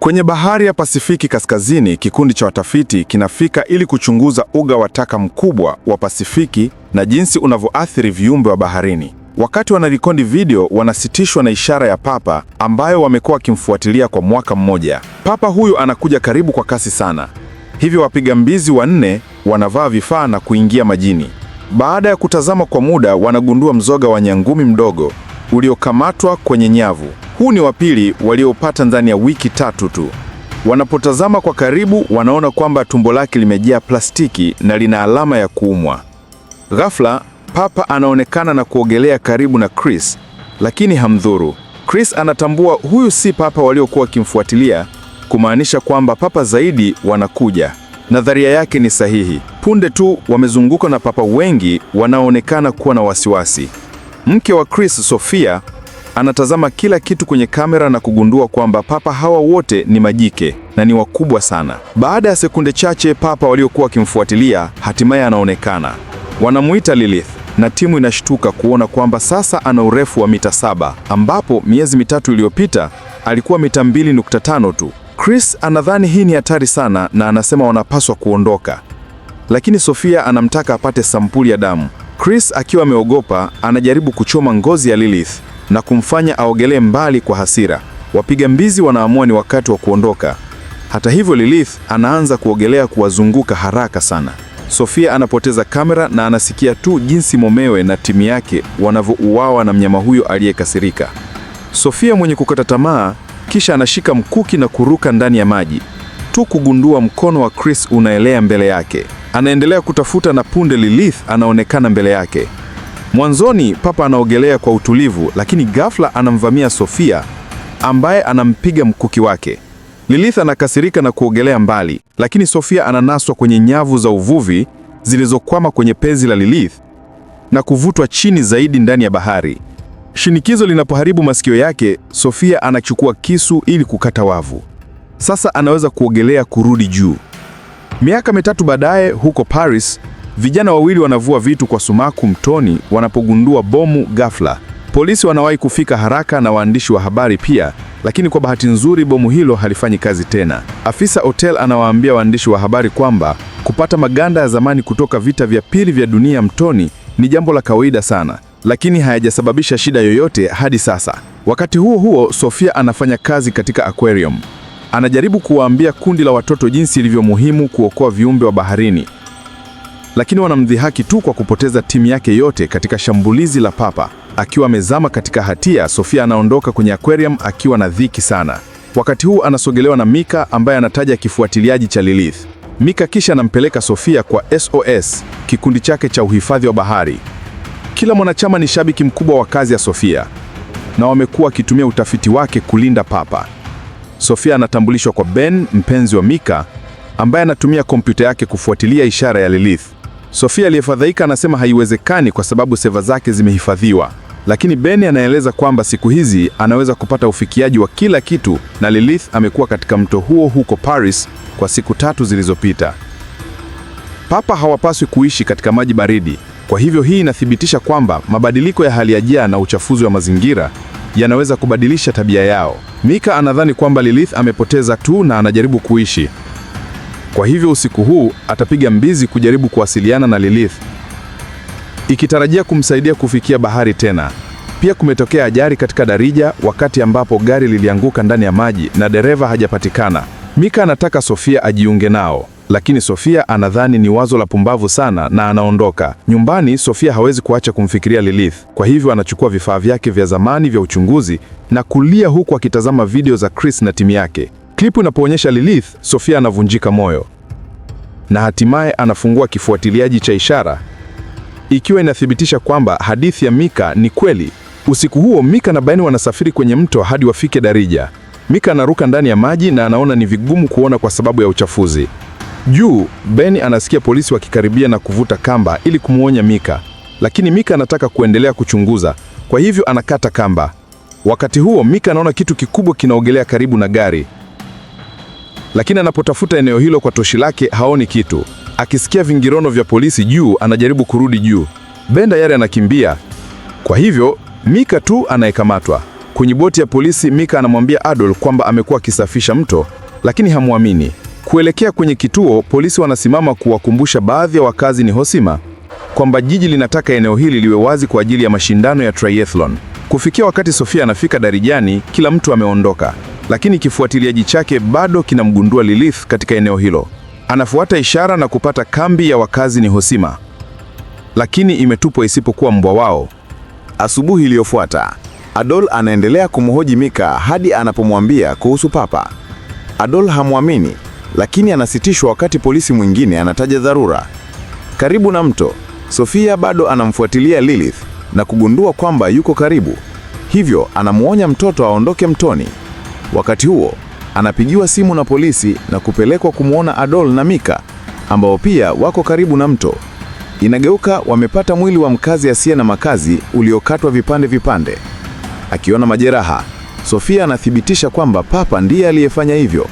Kwenye bahari ya Pasifiki Kaskazini, kikundi cha watafiti kinafika ili kuchunguza uga wa taka mkubwa wa Pasifiki na jinsi unavyoathiri viumbe wa baharini. Wakati wanarekodi video, wanasitishwa na ishara ya papa ambayo wamekuwa wakimfuatilia kwa mwaka mmoja. Papa huyu anakuja karibu kwa kasi sana, hivyo wapiga mbizi wanne wanavaa vifaa na kuingia majini. Baada ya kutazama kwa muda, wanagundua mzoga wa nyangumi mdogo uliokamatwa kwenye nyavu. Huu ni wa pili waliopata ndani ya wiki tatu tu. Wanapotazama kwa karibu, wanaona kwamba tumbo lake limejaa plastiki na lina alama ya kuumwa. Ghafla papa anaonekana na kuogelea karibu na Chris, lakini hamdhuru. Chris anatambua huyu si papa waliokuwa wakimfuatilia, kumaanisha kwamba papa zaidi wanakuja. Nadharia yake ni sahihi. Punde tu wamezungukwa na papa wengi wanaoonekana kuwa na wasiwasi. Mke wa Chris, Sofia, Anatazama kila kitu kwenye kamera na kugundua kwamba papa hawa wote ni majike na ni wakubwa sana. Baada ya sekunde chache, papa waliokuwa wakimfuatilia hatimaye anaonekana. Wanamuita Lilith na timu inashtuka kuona kwamba sasa ana urefu wa mita saba ambapo miezi mitatu iliyopita alikuwa mita 2.5 tu. Chris anadhani hii ni hatari sana na anasema wanapaswa kuondoka, lakini Sofia anamtaka apate sampuli ya damu. Chris akiwa ameogopa anajaribu kuchoma ngozi ya Lilith na kumfanya aogelee mbali kwa hasira. Wapiga mbizi wanaamua ni wakati wa kuondoka. Hata hivyo, Lilith anaanza kuogelea kuwazunguka haraka sana. Sofia anapoteza kamera na anasikia tu jinsi momewe na timu yake wanavyouawa na mnyama huyo aliyekasirika. Sofia mwenye kukata tamaa, kisha anashika mkuki na kuruka ndani ya maji tu kugundua mkono wa Chris unaelea mbele yake. Anaendelea kutafuta na punde Lilith anaonekana mbele yake. Mwanzoni Papa anaogelea kwa utulivu, lakini ghafla anamvamia Sofia ambaye anampiga mkuki wake. Lilith anakasirika na kuogelea mbali, lakini Sofia ananaswa kwenye nyavu za uvuvi zilizokwama kwenye pezi la Lilith na kuvutwa chini zaidi ndani ya bahari. Shinikizo linapoharibu masikio yake, Sofia anachukua kisu ili kukata wavu. Sasa anaweza kuogelea kurudi juu. Miaka mitatu baadaye huko Paris, Vijana wawili wanavua vitu kwa sumaku mtoni wanapogundua bomu ghafla. Polisi wanawahi kufika haraka na waandishi wa habari pia, lakini kwa bahati nzuri bomu hilo halifanyi kazi tena. Afisa hotel anawaambia waandishi wa habari kwamba kupata maganda ya zamani kutoka vita vya pili vya dunia mtoni ni jambo la kawaida sana, lakini hayajasababisha shida yoyote hadi sasa. Wakati huo huo, Sofia anafanya kazi katika aquarium. Anajaribu kuwaambia kundi la watoto jinsi ilivyo muhimu kuokoa viumbe wa baharini lakini wanamdhihaki tu kwa kupoteza timu yake yote katika shambulizi la papa. Akiwa amezama katika hatia, Sofia anaondoka kwenye aquarium akiwa na dhiki sana. Wakati huu anasogelewa na Mika ambaye anataja kifuatiliaji cha Lilith. Mika kisha anampeleka Sofia kwa SOS, kikundi chake cha uhifadhi wa bahari. Kila mwanachama ni shabiki mkubwa wa kazi ya Sofia na wamekuwa wakitumia utafiti wake kulinda papa. Sofia anatambulishwa kwa Ben, mpenzi wa Mika, ambaye anatumia kompyuta yake kufuatilia ishara ya Lilith. Sofia aliyefadhaika anasema haiwezekani kwa sababu seva zake zimehifadhiwa, lakini Beni anaeleza kwamba siku hizi anaweza kupata ufikiaji wa kila kitu, na Lilith amekuwa katika mto huo huko Paris kwa siku tatu zilizopita. Papa hawapaswi kuishi katika maji baridi. Kwa hivyo hii inathibitisha kwamba mabadiliko ya hali ya jaa na uchafuzi wa mazingira yanaweza kubadilisha tabia yao. Mika anadhani kwamba Lilith amepoteza tu na anajaribu kuishi kwa hivyo usiku huu atapiga mbizi kujaribu kuwasiliana na Lilith, ikitarajia kumsaidia kufikia bahari tena. Pia kumetokea ajali katika darija wakati ambapo gari lilianguka ndani ya maji na dereva hajapatikana. Mika anataka Sofia ajiunge nao, lakini Sofia anadhani ni wazo la pumbavu sana na anaondoka. Nyumbani, Sofia hawezi kuacha kumfikiria Lilith. Kwa hivyo anachukua vifaa vyake vya zamani vya uchunguzi na kulia huku akitazama video za Chris na timu yake. Klipu inapoonyesha Lilith, Sofia anavunjika moyo na hatimaye anafungua kifuatiliaji cha ishara, ikiwa inathibitisha kwamba hadithi ya Mika ni kweli. Usiku huo Mika na Baini wanasafiri kwenye mto hadi wafike Darija. Mika anaruka ndani ya maji na anaona ni vigumu kuona kwa sababu ya uchafuzi. Juu, ben anasikia polisi wakikaribia na kuvuta kamba ili kumwonya Mika, lakini Mika anataka kuendelea kuchunguza, kwa hivyo anakata kamba. Wakati huo Mika anaona kitu kikubwa kinaogelea karibu na gari lakini anapotafuta eneo hilo kwa toshi lake haoni kitu. Akisikia vingirono vya polisi juu, anajaribu kurudi juu. Ben Dayari anakimbia, kwa hivyo Mika tu anayekamatwa. Kwenye boti ya polisi, Mika anamwambia Adol kwamba amekuwa akisafisha mto, lakini hamwamini. Kuelekea kwenye kituo, polisi wanasimama kuwakumbusha baadhi ya wakazi ni Hosima kwamba jiji linataka eneo hili liwe wazi kwa ajili ya mashindano ya triathlon. Kufikia wakati Sofia anafika darijani, kila mtu ameondoka lakini kifuatiliaji chake bado kinamgundua Lilith katika eneo hilo. Anafuata ishara na kupata kambi ya wakazi ni Hosima, lakini imetupwa isipokuwa mbwa wao. Asubuhi iliyofuata, Adol anaendelea kumhoji Mika hadi anapomwambia kuhusu Papa. Adol hamwamini, lakini anasitishwa wakati polisi mwingine anataja dharura. Karibu na mto, Sofia bado anamfuatilia Lilith na kugundua kwamba yuko karibu. Hivyo anamwonya mtoto aondoke mtoni. Wakati huo anapigiwa simu na polisi na kupelekwa kumwona Adol na Mika ambao pia wako karibu na mto. Inageuka wamepata mwili wa mkazi asiye na makazi uliokatwa vipande vipande. Akiona majeraha, Sofia anathibitisha kwamba Papa ndiye aliyefanya hivyo.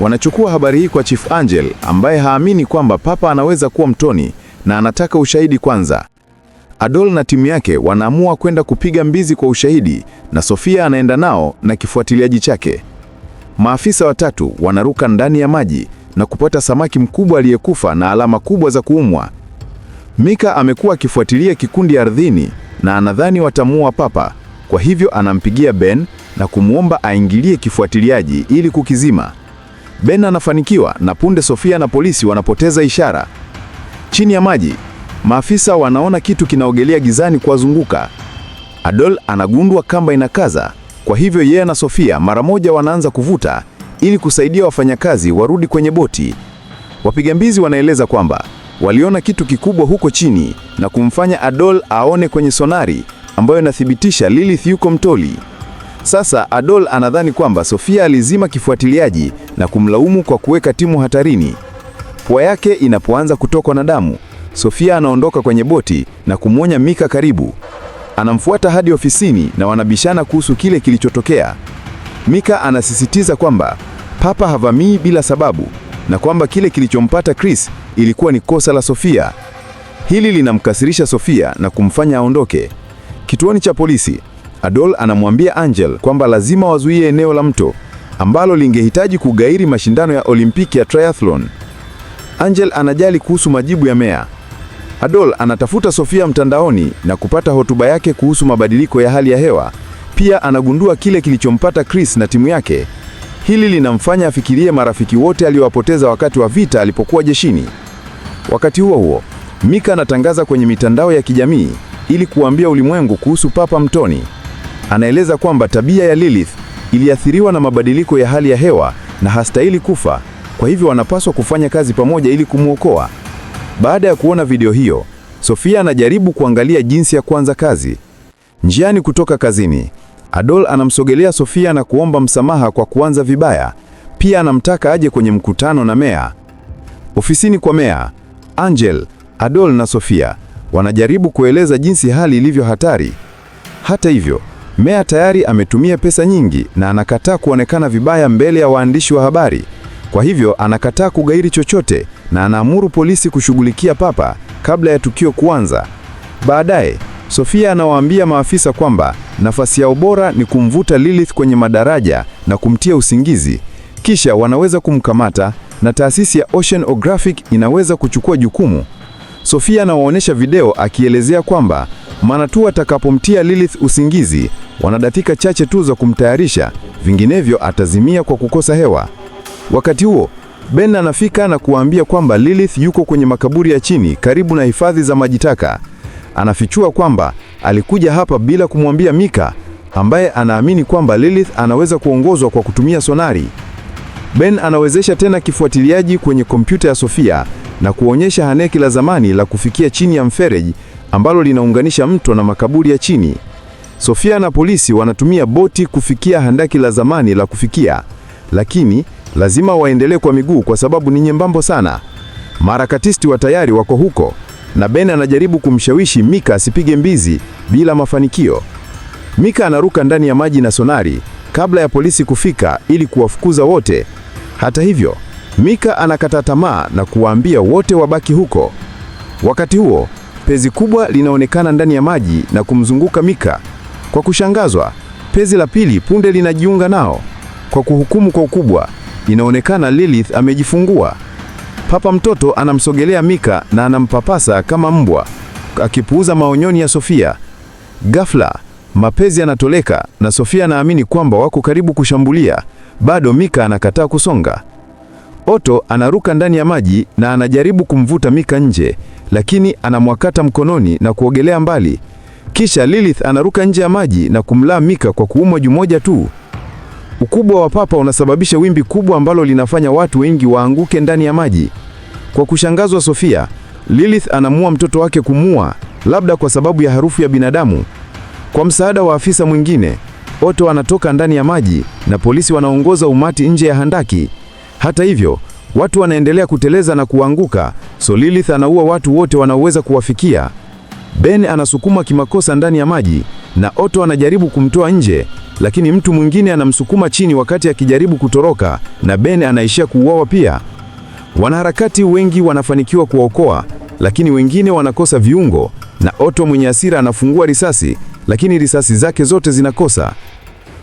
Wanachukua habari hii kwa Chief Angel ambaye haamini kwamba Papa anaweza kuwa mtoni na anataka ushahidi kwanza. Adol na timu yake wanaamua kwenda kupiga mbizi kwa ushahidi na Sofia anaenda nao na kifuatiliaji chake. Maafisa watatu wanaruka ndani ya maji na kupata samaki mkubwa aliyekufa na alama kubwa za kuumwa. Mika amekuwa akifuatilia kikundi ardhini na anadhani watamuua papa, kwa hivyo anampigia Ben na kumwomba aingilie kifuatiliaji ili kukizima. Ben anafanikiwa na punde Sofia na polisi wanapoteza ishara. Chini ya maji Maafisa wanaona kitu kinaogelea gizani kuwazunguka. Adol anagundua kamba inakaza, kwa hivyo yeye na Sofia mara moja wanaanza kuvuta ili kusaidia wafanyakazi warudi kwenye boti. Wapiga mbizi wanaeleza kwamba waliona kitu kikubwa huko chini na kumfanya Adol aone kwenye sonari ambayo inathibitisha Lilith yuko mtoli. Sasa Adol anadhani kwamba Sofia alizima kifuatiliaji na kumlaumu kwa kuweka timu hatarini. Pua yake inapoanza kutokwa na damu Sofia anaondoka kwenye boti na kumwonya Mika karibu. Anamfuata hadi ofisini na wanabishana kuhusu kile kilichotokea. Mika anasisitiza kwamba papa havamii bila sababu na kwamba kile kilichompata Chris ilikuwa ni kosa la Sofia. Hili linamkasirisha Sofia na kumfanya aondoke. Kituoni cha polisi, Adol anamwambia Angel kwamba lazima wazuie eneo la mto ambalo lingehitaji kugairi mashindano ya Olimpiki ya triathlon. Angel anajali kuhusu majibu ya Mea Adol anatafuta Sofia mtandaoni na kupata hotuba yake kuhusu mabadiliko ya hali ya hewa. Pia anagundua kile kilichompata Chris na timu yake. Hili linamfanya afikirie marafiki wote aliyowapoteza wakati wa vita alipokuwa jeshini. Wakati huo huo, Mika anatangaza kwenye mitandao ya kijamii ili kuambia ulimwengu kuhusu Papa Mtoni. Anaeleza kwamba tabia ya Lilith iliathiriwa na mabadiliko ya hali ya hewa na hastahili kufa, kwa hivyo wanapaswa kufanya kazi pamoja ili kumwokoa. Baada ya kuona video hiyo, Sofia anajaribu kuangalia jinsi ya kuanza kazi. Njiani kutoka kazini, Adol anamsogelea Sofia na kuomba msamaha kwa kuanza vibaya. Pia anamtaka aje kwenye mkutano na Meya. Ofisini kwa Meya, Angel, Adol na Sofia wanajaribu kueleza jinsi hali ilivyo hatari. Hata hivyo, Meya tayari ametumia pesa nyingi na anakataa kuonekana vibaya mbele ya waandishi wa habari. Kwa hivyo anakataa kugairi chochote na anaamuru polisi kushughulikia Papa kabla ya tukio kuanza. Baadaye Sofia anawaambia maafisa kwamba nafasi yao bora ni kumvuta Lilith kwenye madaraja na kumtia usingizi, kisha wanaweza kumkamata na taasisi ya Oceanographic inaweza kuchukua jukumu. Sofia anawaonyesha video akielezea kwamba maana tu atakapomtia Lilith usingizi, wana dakika chache tu za kumtayarisha, vinginevyo atazimia kwa kukosa hewa. Wakati huo Ben anafika na kuwaambia kwamba Lilith yuko kwenye makaburi ya chini karibu na hifadhi za majitaka. Anafichua kwamba alikuja hapa bila kumwambia Mika ambaye anaamini kwamba Lilith anaweza kuongozwa kwa kutumia sonari. Ben anawezesha tena kifuatiliaji kwenye kompyuta ya Sofia na kuonyesha haneki la zamani la kufikia chini ya mfereji ambalo linaunganisha mto na makaburi ya chini. Sofia na polisi wanatumia boti kufikia handaki la zamani la kufikia, lakini Lazima waendelee kwa miguu kwa sababu ni nyembambo sana. Marakatisti wa tayari wako huko na Ben anajaribu kumshawishi Mika asipige mbizi bila mafanikio. Mika anaruka ndani ya maji na sonari kabla ya polisi kufika ili kuwafukuza wote. Hata hivyo, Mika anakata tamaa na kuwaambia wote wabaki huko. Wakati huo, pezi kubwa linaonekana ndani ya maji na kumzunguka Mika. Kwa kushangazwa, pezi la pili punde linajiunga nao. Kwa kuhukumu kwa ukubwa Inaonekana Lilith amejifungua. Papa mtoto anamsogelea Mika na anampapasa kama mbwa, akipuuza maonyoni ya Sofia. Ghafla mapezi yanatoleka na Sofia anaamini kwamba wako karibu kushambulia. Bado Mika anakataa kusonga. Otto anaruka ndani ya maji na anajaribu kumvuta Mika nje, lakini anamwakata mkononi na kuogelea mbali. Kisha Lilith anaruka nje ya maji na kumlaa Mika kwa kuumwa juu moja tu. Ukubwa wa papa unasababisha wimbi kubwa ambalo linafanya watu wengi waanguke ndani ya maji. Kwa kushangazwa Sofia, Lilith anamua mtoto wake kumua, labda kwa sababu ya harufu ya binadamu. Kwa msaada wa afisa mwingine, Otto anatoka ndani ya maji na polisi wanaongoza umati nje ya handaki. Hata hivyo, watu wanaendelea kuteleza na kuanguka, so Lilith anaua watu wote wanaoweza kuwafikia. Ben anasukumwa kimakosa ndani ya maji na Otto anajaribu kumtoa nje, lakini mtu mwingine anamsukuma chini wakati akijaribu kutoroka na Ben anaishia kuuawa pia. Wanaharakati wengi wanafanikiwa kuwaokoa, lakini wengine wanakosa viungo na Otto mwenye hasira anafungua risasi, lakini risasi zake zote zinakosa.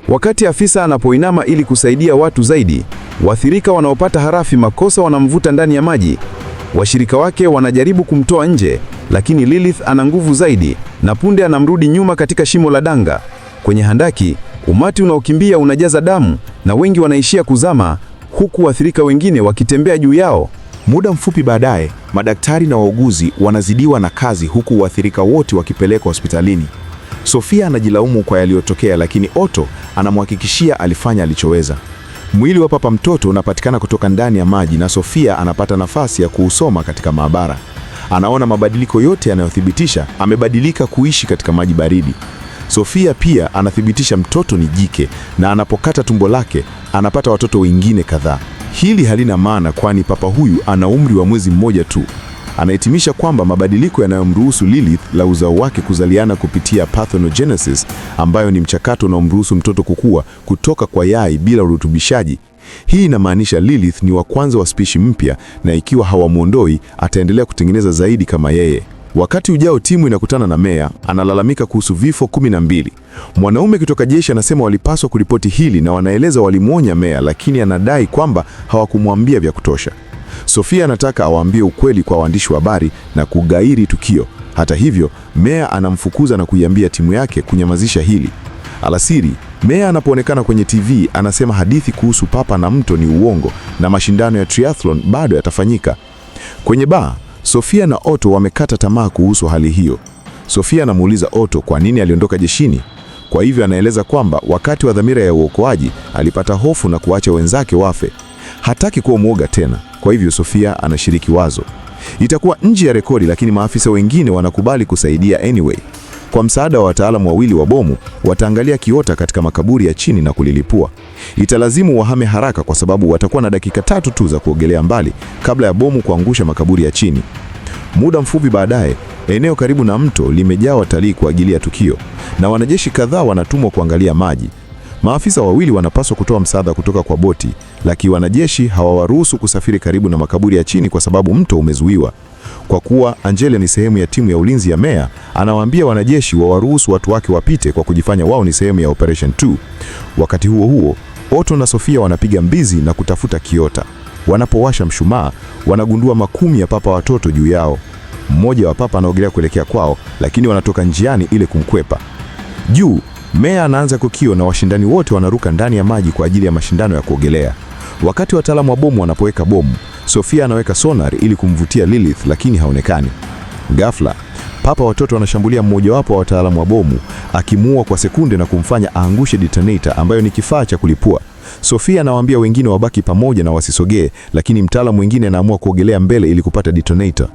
Wakati afisa anapoinama ili kusaidia watu zaidi, waathirika wanaopata harafi makosa wanamvuta ndani ya maji. Washirika wake wanajaribu kumtoa nje, lakini Lilith ana nguvu zaidi na punde anamrudi nyuma katika shimo la danga. Kwenye handaki, umati unaokimbia unajaza damu na wengi wanaishia kuzama, huku waathirika wengine wakitembea juu yao. Muda mfupi baadaye, madaktari na wauguzi wanazidiwa na kazi, huku waathirika wote wakipelekwa hospitalini. Sofia anajilaumu kwa yaliyotokea, lakini Otto anamhakikishia alifanya alichoweza. Mwili wa papa mtoto unapatikana kutoka ndani ya maji na Sofia anapata nafasi ya kuusoma katika maabara. Anaona mabadiliko yote yanayothibitisha amebadilika kuishi katika maji baridi. Sofia pia anathibitisha mtoto ni jike na anapokata tumbo lake anapata watoto wengine kadhaa. Hili halina maana kwani papa huyu ana umri wa mwezi mmoja tu anahitimisha kwamba mabadiliko yanayomruhusu Lilith la uzao wake kuzaliana kupitia parthenogenesis, ambayo ni mchakato unaomruhusu mtoto kukua kutoka kwa yai bila urutubishaji. Hii inamaanisha Lilith ni wa kwanza wa spishi mpya, na ikiwa hawamwondoi ataendelea kutengeneza zaidi kama yeye. Wakati ujao timu inakutana na meya, analalamika kuhusu vifo kumi na mbili. Mwanaume kutoka jeshi anasema walipaswa kuripoti hili na wanaeleza walimwonya meya, lakini anadai kwamba hawakumwambia vya kutosha. Sofia anataka awaambie ukweli kwa waandishi wa habari na kugairi tukio. Hata hivyo, Meya anamfukuza na kuiambia timu yake kunyamazisha hili. Alasiri, Meya anapoonekana kwenye TV anasema hadithi kuhusu papa na mto ni uongo na mashindano ya triathlon bado yatafanyika. Kwenye baa, Sofia na Otto wamekata tamaa kuhusu hali hiyo. Sofia anamuuliza Otto kwa nini aliondoka jeshini. Kwa hivyo anaeleza kwamba wakati wa dhamira ya uokoaji alipata hofu na kuacha wenzake wafe. Hataki kuwa mwoga tena. Kwa hivyo Sofia anashiriki wazo. Itakuwa nje ya rekodi, lakini maafisa wengine wanakubali kusaidia anyway. Kwa msaada wa wataalamu wawili wa bomu, wataangalia kiota katika makaburi ya chini na kulilipua. Italazimu wahame haraka, kwa sababu watakuwa na dakika tatu tu za kuogelea mbali kabla ya bomu kuangusha makaburi ya chini. Muda mfupi baadaye, eneo karibu na mto limejaa watalii kwa ajili ya tukio, na wanajeshi kadhaa wanatumwa kuangalia maji. Maafisa wawili wanapaswa kutoa msaada kutoka kwa boti lakini wanajeshi hawawaruhusu kusafiri karibu na makaburi ya chini kwa sababu mto umezuiwa. Kwa kuwa Angela ni sehemu ya timu ya ulinzi ya meya, anawaambia wanajeshi wawaruhusu watu wake wapite kwa kujifanya wao ni sehemu ya Operation 2. Wakati huo huo, Otto na Sofia wanapiga mbizi na kutafuta kiota. Wanapowasha mshumaa, wanagundua makumi ya papa watoto juu yao. Mmoja wa papa anaogelea kuelekea kwao, lakini wanatoka njiani ile kumkwepa. Juu, meya anaanza kukio na washindani wote wanaruka ndani ya maji kwa ajili ya mashindano ya kuogelea. Wakati wataalamu wa bomu wanapoweka bomu, Sofia anaweka sonar ili kumvutia Lilith, lakini haonekani. Ghafla papa watoto wanashambulia mmojawapo wa wataalamu wa bomu, akimuua kwa sekunde na kumfanya aangushe detonator, ambayo ni kifaa cha kulipua. Sofia anawaambia wengine wabaki pamoja na wasisogee, lakini mtaalamu mwingine anaamua kuogelea mbele ili kupata detonator.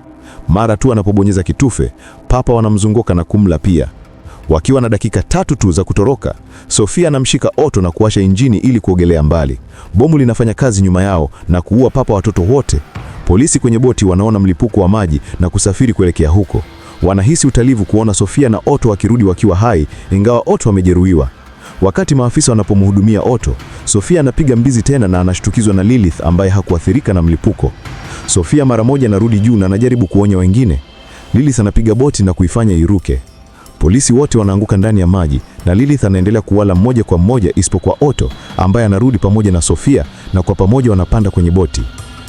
Mara tu anapobonyeza kitufe, papa wanamzunguka na kumla pia. Wakiwa na dakika tatu tu za kutoroka, Sofia anamshika Otto na kuwasha injini ili kuogelea mbali. Bomu linafanya kazi nyuma yao na kuua papa watoto wote. Polisi kwenye boti wanaona mlipuko wa maji na kusafiri kuelekea huko. Wanahisi utalivu kuona Sofia na Otto wakirudi wakiwa hai, ingawa Otto amejeruhiwa. Wakati maafisa wanapomhudumia Otto, Sofia anapiga mbizi tena na anashtukizwa na Lilith ambaye hakuathirika na mlipuko. Sofia mara moja anarudi juu na anajaribu kuonya wengine. Lilith anapiga boti na kuifanya iruke. Polisi wote wanaanguka ndani ya maji na Lilith anaendelea kuwala mmoja kwa mmoja isipokuwa Otto ambaye anarudi pamoja na Sofia na kwa pamoja wanapanda kwenye boti.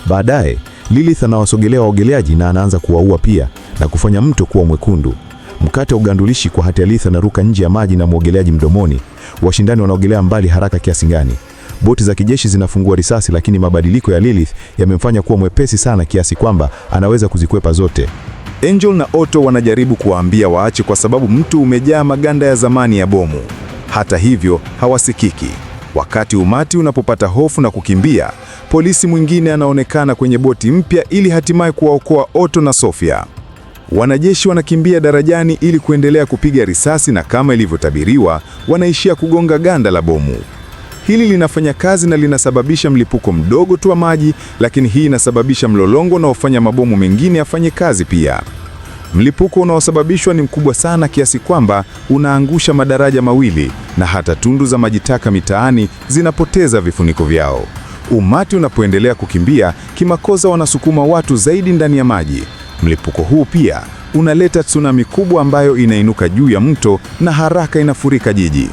Baadaye Lilith anawasogelea waogeleaji na anaanza kuwaua pia na kufanya mto kuwa mwekundu. Mkate wa ugandulishi kwa hati Lilith anaruka nje ya maji na mwogeleaji mdomoni. Washindani wanaogelea mbali haraka kiasi gani. Boti za kijeshi zinafungua risasi, lakini mabadiliko ya Lilith yamemfanya kuwa mwepesi sana kiasi kwamba anaweza kuzikwepa zote. Angel na Otto wanajaribu kuwaambia waache kwa sababu mtu umejaa maganda ya zamani ya bomu. Hata hivyo, hawasikiki. Wakati umati unapopata hofu na kukimbia, polisi mwingine anaonekana kwenye boti mpya ili hatimaye kuwaokoa Otto na Sofia. Wanajeshi wanakimbia darajani ili kuendelea kupiga risasi na kama ilivyotabiriwa, wanaishia kugonga ganda la bomu. Hili linafanya kazi na linasababisha mlipuko mdogo tu wa maji, lakini hii inasababisha mlolongo unaofanya mabomu mengine afanye kazi pia. Mlipuko unaosababishwa ni mkubwa sana kiasi kwamba unaangusha madaraja mawili na hata tundu za maji taka mitaani zinapoteza vifuniko vyao. Umati unapoendelea kukimbia kimakosa, wanasukuma watu zaidi ndani ya maji. Mlipuko huu pia unaleta tsunami kubwa ambayo inainuka juu ya mto na haraka inafurika jiji.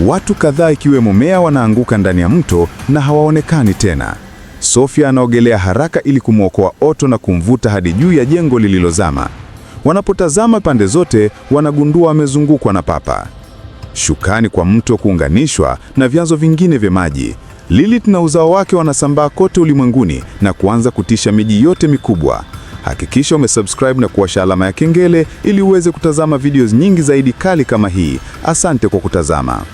Watu kadhaa ikiwemo Mea wanaanguka ndani ya mto na hawaonekani tena. Sofia anaogelea haraka ili kumwokoa Otto na kumvuta hadi juu ya jengo lililozama. Wanapotazama pande zote, wanagundua wamezungukwa na papa. Shukani kwa mto kuunganishwa na vyanzo vingine vya maji, Lilith na uzao wake wanasambaa kote ulimwenguni na kuanza kutisha miji yote mikubwa. Hakikisha umesubscribe na kuwasha alama ya kengele ili uweze kutazama videos nyingi zaidi kali kama hii. Asante kwa kutazama.